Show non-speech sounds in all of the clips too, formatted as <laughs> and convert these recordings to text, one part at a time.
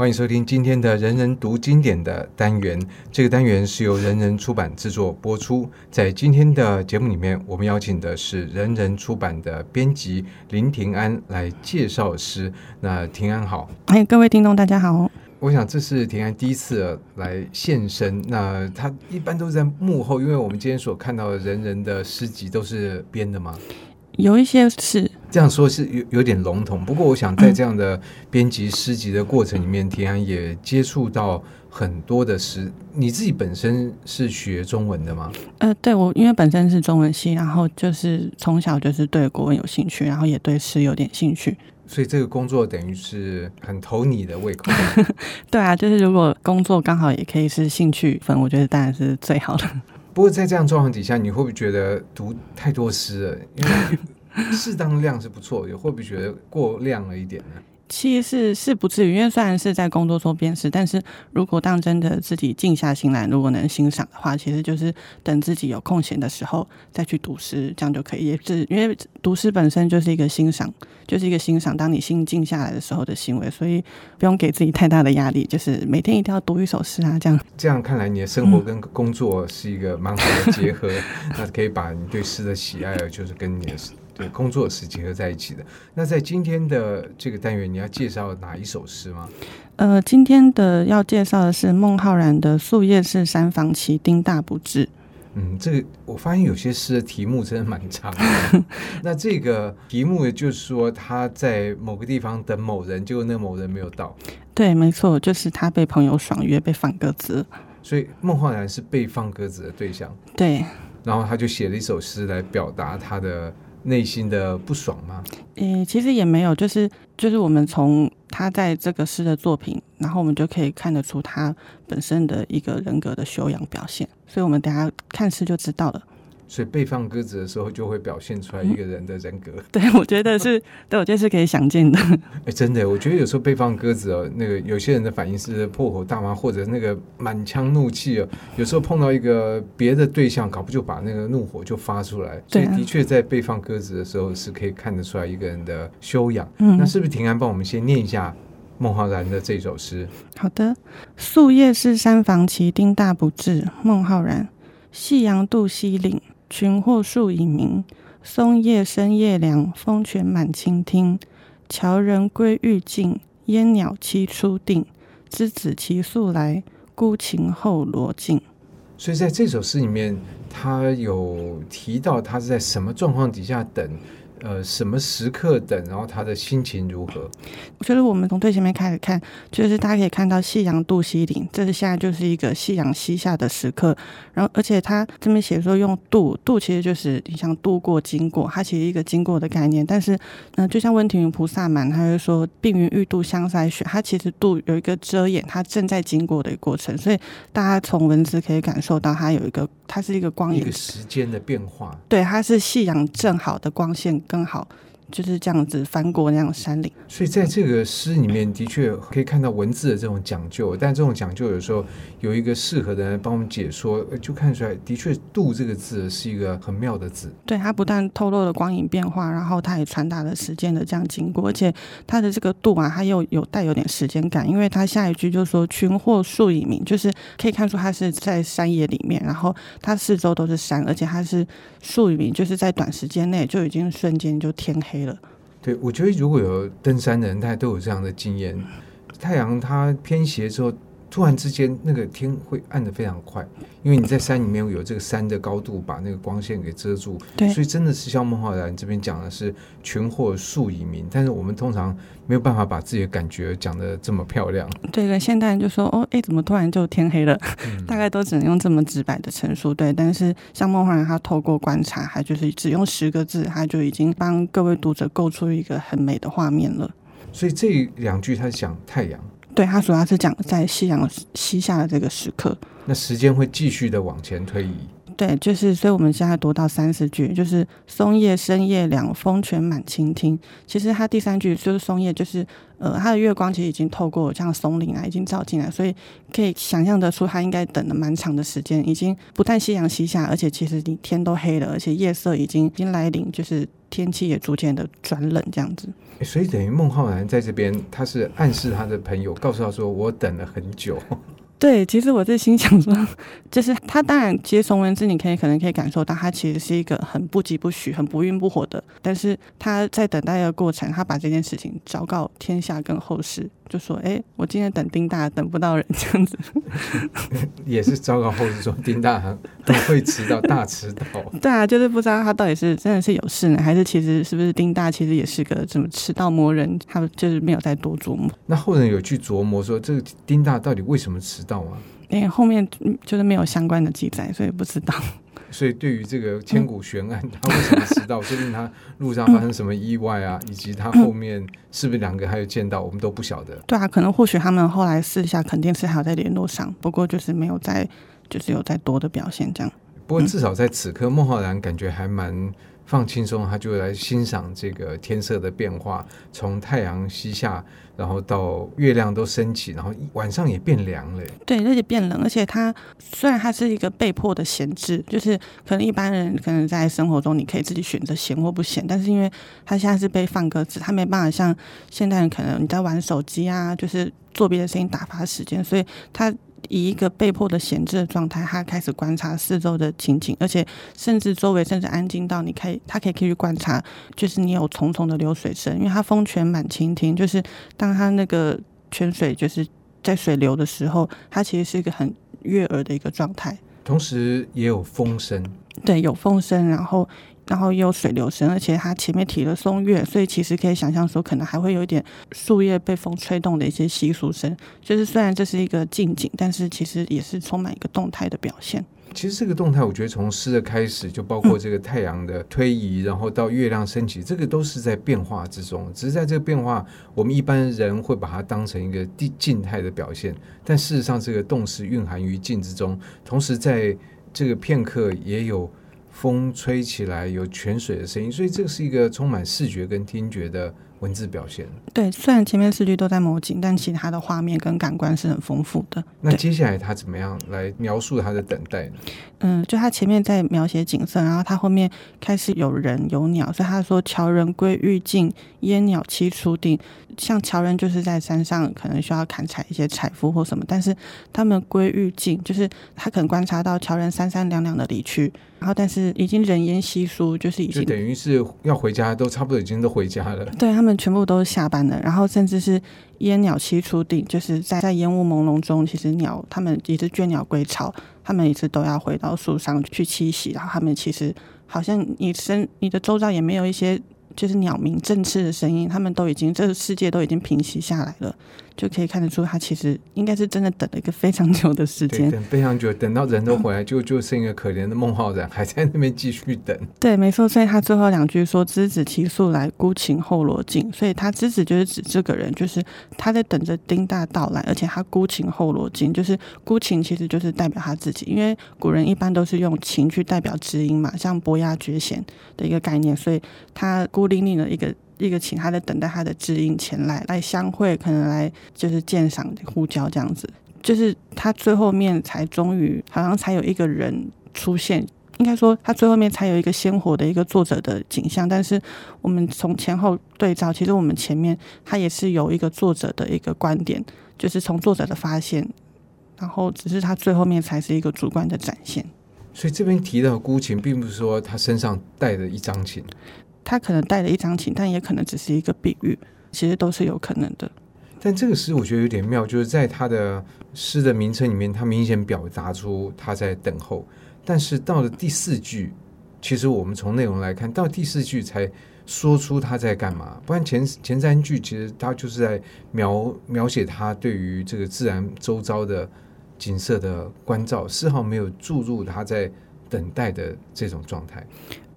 歡迎收聽今天的《人人讀經典》的單元。這個單元是由人人出版制作播出。在今天的節目裡面，我們邀請的是人人出版的編輯林庭安來介紹詩。那庭安好，哎，各位聽眾大家好。我想這是庭安第一次來現身。那他一般都是在幕後，因為我們今天所看到的人人的詩集都是編的嘛。有一些是這樣說是有有點籠統，不過我想在這樣的編輯詩集的過程裡面，庭安也接觸到很多的詩。你自己本身是學中文的嗎？呃，對，我因為本身是中文系，然後就是從小就是對國文有興趣，然後也對詩有點興趣，所以這個工作等於是很投你的胃口。 <laughs> 對啊，就是如果工作剛好也可以是興趣分，我覺得當然是最好的。不過在這樣狀況底下，你會不會覺得讀太多詩了？因為適當的量是不錯，也會不會覺得過量了一點呢？其實是不至於，因為雖然是在工作做邊時，但是如果當真的自己靜下心來，如果能欣賞的話，其實就是等自己有空閒的時候再去讀詩，這樣就可以。也是因為讀詩本身就是一個欣賞，就是一個欣賞。當你心靜下來的時候的行為，所以不用給自己太大的壓力，就是每天一定要讀一首詩啊。這樣這樣看來，你的生活跟工作是一個蠻好的結合， <laughs> 那可以把你對詩的喜愛，就是跟你的。對，工作是結合在一起的。那在今天的這個單元，你要介紹哪一首詩嗎？呃，今天的要介紹的是孟浩然的《宿業師山房期丁大不至》。嗯，這個我發現有些詩的題目真的蠻長的。 <laughs> 那這個題目就是說他在某個地方等某人，結果那某人沒有到。對，沒錯，就是他被朋友爽約，被放鴿子。所以孟浩然是被放鴿子的對象。對。然後他就寫了一首詩來表達他的。內心的不爽嗎？嗯、欸，其實也沒有，就是就是我們從他在這個詩的作品，然後我們就可以看得出他本身的一個人格的修養表現，所以我們等下看詩就知道了。所以被放鴿子的時候，就會表現出來一個人的人格、嗯。對，我覺得是， <laughs> 對我覺得是可以想見的。哎、欸，真的、欸，我覺得有時候被放鴿子哦、喔，那個有些人的反應是破口大罵，或者那個滿腔怒氣哦、喔。有時候碰到一個別的對象，搞不就把那個怒火就發出來。所以，的確在被放鴿子的時候，是可以看得出來一個人的修養。嗯，那是不是？庭安，幫我們先念一下孟浩然的這首詩。好的，宿業師山房期丁大不至，孟浩然，夕陽度西嶺。群壑倏已暝，松月生夜涼，風泉滿清聽。樵人歸欲盡，煙鳥棲初定。之子期宿來，孤琴候蘿徑。所以在這首詩裡面，他有提到他是在什麼狀況底下等。呃，什麼時刻等，然後他的心情如何？我覺得我們從最前面開始看，就是大家可以看到“夕陽度西嶺”，這是現在就是一個夕陽西下的時刻。然後，而且他這邊寫說用度“度”，度其實就是你想渡過、經過，它其實一個經過的概念。但是，嗯、呃，就像溫庭筠《菩薩蠻》，他就說“鬢雲欲度香腮雪”，他其實“度”有一個遮掩，他正在經過的一個過程。所以，大家從文字可以感受到，它有一個，它是一個光影、一個時間的變化。對，它是夕陽正好的光線。更好。就是這樣子翻過那樣山嶺，所以在這個詩裡面的確可以看到文字的這種講究，但這種講究有時候有一個適合的人幫我們解說，就看出來的確“度”這個字是一個很妙的字。對，它不但透露了光影變化，然後它也傳達了時間的這樣經過，而且它的這個“度”啊，它又有帶有點時間感，因為它下一句就說“群壑倏已暝”，就是可以看出它是在山野裡面，然後它四周都是山，而且它是倏已暝，就是在短時間內就已經瞬間就天黑了。對，我覺得如果有登山的人，他都有這樣的經驗。太陽它偏斜之後。突然之間，那個天會暗得非常快，因為你在山裡面有這個山的高度把那個光線給遮住，對，所以真的是像孟浩然這邊講的是“群壑倏已暝”。但是我們通常沒有辦法把自己的感覺講得這麼漂亮。對對，現代人就說：“哦，哎，怎麼突然就天黑了？”嗯、大概都只能用這麼直白的陳述。對，但是像孟浩然他透過觀察，還就是只用十個字，他就已經幫各位讀者構出一個很美的畫面了。所以這兩句他講太陽。對，他主要是講在夕陽西下的這個時刻，那時間會繼續的往前推移。對，就是，所以我們現在讀到三四句，就是松月生夜涼，風泉滿清聽。其實他第三句就是松月，就是呃，他的月光其實已經透過這樣松林啊，已經照進來，所以可以想象得出，他應該等了蠻長的時間，已經不但夕陽西下，而且其實天都黑了，而且夜色已經已經來臨，就是。天氣也逐漸的轉冷，這樣子，欸、所以等於孟浩然在這邊，他是暗示他的朋友，告訴他說：“我等了很久。”對，其實我在心想說，就是他當然，其實從文字，你可以可能可以感受到，他其實是一個很不疾不徐、很不溫不火的，但是他，在等待的過程，他把這件事情昭告天下跟後世。就說：“哎，我今天等丁大等不到人，這樣子也是。糟糕後說，後人說丁大很會遲到， <laughs> 大遲到。對啊，就是不知道他到底是真的是有事呢，還是其實是不是丁大其實也是個什麼遲到魔人。他就是沒有再多琢磨。那後人有去琢磨說這個丁大到底為什麼遲到啊？因為後面就是沒有相關的記載，所以不知道。”所以，對於這個千古懸案，嗯、他為什麼遲到？究竟 <laughs> 他路上發生什麼意外啊？嗯、以及他後面是不是兩個還有見到，嗯、我們都不曉得。對啊，可能或許他們後來試一下，肯定是還有在聯絡上，不過就是沒有在，就是有再多的表現這樣。不過至少在此刻，嗯、孟浩然感覺還蠻。放輕鬆，他就來欣賞這個天色的變化，從太陽西下，然後到月亮都升起，然後一晚上也變涼了欸。對，而且變冷，而且他雖然他是一個被迫的閒置，就是可能一般人可能在生活中你可以自己選擇閒或不閒，但是因為他現在是被放鴿子，他沒辦法像現代人可能你在玩手機啊，就是做別的事情打發時間，所以他。以一個被迫的閒置的狀態，他開始觀察四周的情景，而且甚至周圍甚至安靜到你可以，他可以，可以去觀察，就是你有重重的流水聲，因為他風泉滿清聽，就是當他那個泉水就是在水流的時候，他其實是一個很悅耳的一個狀態，同時也有風聲，對，有風聲，然後。然後也有水流聲，而且它前面提了松月，所以其實可以想象說，可能還會有一點樹葉被風吹動的一些窸窣聲。就是雖然這是一個靜景，但是其實也是充滿一個動態的表現。其實這個動態，我覺得從詩的開始就包括這個太陽的推移，然後到月亮升起，嗯、這個都是在變化之中。只是在這個變化，我們一般人會把它當成一個靜靜態的表現，但事實上這個動是蘊含於靜之中，同時在這個片刻也有。風吹起來有泉水的聲音，所以這是一個充滿視覺跟聽覺的。文字表現對，雖然前面四句都在描景，但其他的畫面跟感官是很豐富的。那接下來他怎麼樣對來描述他的等待呢？嗯，就他前面在描寫景色，然後他後面開始有人有鳥，所以他說“樵人歸欲尽，煙鳥棲初定”。像樵人就是在山上，可能需要砍柴一些柴火或什麼，但是他們歸欲尽，就是他可能觀察到樵人三三兩兩的離去，然後但是已經人煙稀疏，就是已經等於是要回家，都差不多已經都回家了。對他們。全部都是下班的，然後甚至是煙鳥棲初定，就是在在煙霧朦朧中，其實鳥它們也是倦鳥歸巢，它們也是都要回到樹上去棲息。然後它們其實好像你身、你的周遭也沒有一些就是鳥鳴振翅的聲音，它們都已經這個世界都已經平息下來了。就可以看得出，他其實應該是真的等了一個非常久的時間，等非常久，等到人都回來， <laughs> 就就剩、是、一個可憐的孟浩然還在那邊繼續等。對，沒錯。所以他最後兩句說“之子期宿來，孤琴候蘿徑」。所以他之子就是指這個人，就是他在等着丁大到來，而且他孤琴候蘿徑，就是孤琴其實就是代表他自己，因為古人一般都是用琴去代表知音嘛，像伯牙絕弦的一個概念，所以他孤零零的一個。一個請他在等待他的知音前來來相會，可能來就是鑑賞互交這樣子，就是他最後面才終於好像才有一個人出現，應該說他最後面才有一個鮮活的一個作者的景象。但是我們從前後對照，其實我們前面他也是有一個作者的一個觀點，就是從作者的發現，然後只是他最後面才是一個主觀的展現。所以這邊提到孤琴，並不是說他身上帶着一張琴。他可能帶了一張琴，但也可能只是一個比喻，其實都是有可能的。但這個詩我覺得有點妙，就是在他的詩的名稱裡面，他明顯表達出他在等候。但是到了第四句，其實我們從內容來看，到第四句才說出他在幹嘛。不然前前三句其實他就是在描描寫他對於這個自然周遭的景色的關照，絲毫沒有注入他在等待的這種狀態。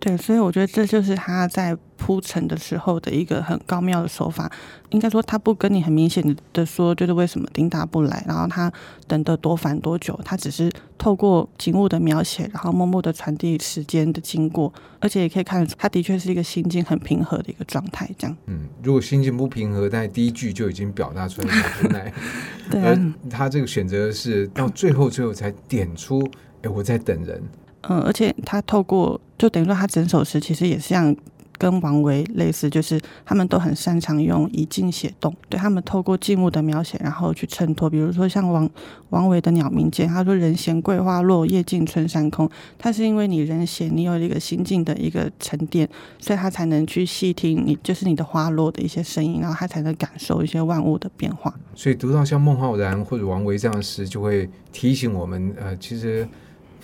對，所以我覺得這就是他在鋪陳的時候的一個很高妙的手法。應該說，他不跟你很明顯的說，就是為什麼丁大不來，然後他等得多煩多久，他只是透過景物的描寫，然後默默的傳遞時間的經過，而且也可以看出，他的確是一個心境很平和的一個狀態。這樣，嗯，如果心境不平和，但第一句就已經表達出來了。 <laughs> 對、啊，他這個選擇是到最後最後才點出，誒，我在等人。嗯，而且他透過就等於說，他整首詩其實也是像跟王維類似，就是他們都很擅長用以靜寫動，對他們透過靜物的描寫，然後去襯托。比如說像王王維的《鳥鳴澗》，他說“人閒桂花落，夜靜春山空”。他是因為你人閒，你有一個心境的一個沉澱，所以他才能去細聽，你就是你的花落的一些聲音，然後他才能感受一些萬物的變化。所以讀到像孟浩然或者王維這樣的詩，就會提醒我們，呃，其實。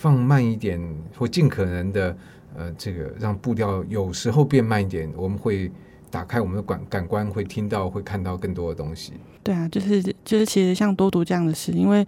放慢一點，或盡可能的，呃，這個讓步調有時候變慢一點，我們會打開我們的感感官，會聽到，會看到更多的東西。對啊，就是就是，其實像多讀這樣的詩，因為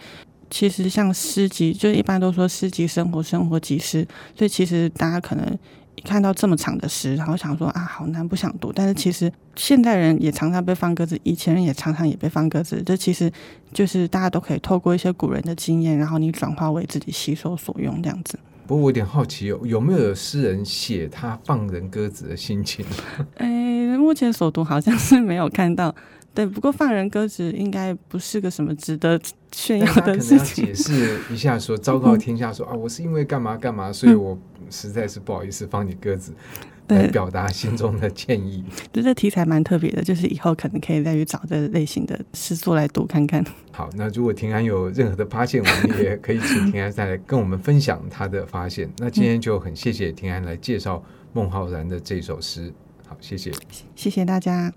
其實像詩集，就是、一般都說詩集生活，生活即詩，所以其實大家可能。一看到這麼長的詩，然後想說啊，好難，不想讀。但是其實現代人也常常被放鴿子，以前人也常常也被放鴿子。這其實就是大家都可以透過一些古人的經驗，然後你轉化為自己吸收所用這樣子。不過我有點好奇，有有沒有詩人寫他放人鴿子的心情？哎、 <laughs> 欸，目前所讀好像是沒有看到。對，不過放人鴿子應該不是個什麼值得炫耀的事情。可能要解釋一下說，說昭告天下說，說啊，我是因為幹嘛幹嘛， <laughs> 所以我實在是不好意思放你鴿子，來表達心中的歉意。就這題材蠻特別的，就是以後可能可以再去找這類型的詩作來讀看看。好，那如果庭安有任何的發現，我們也可以請庭安再來跟我們分享他的發現。 <laughs> 那今天就很謝謝庭安來介紹孟浩然的這首詩，好，謝謝，謝謝大家。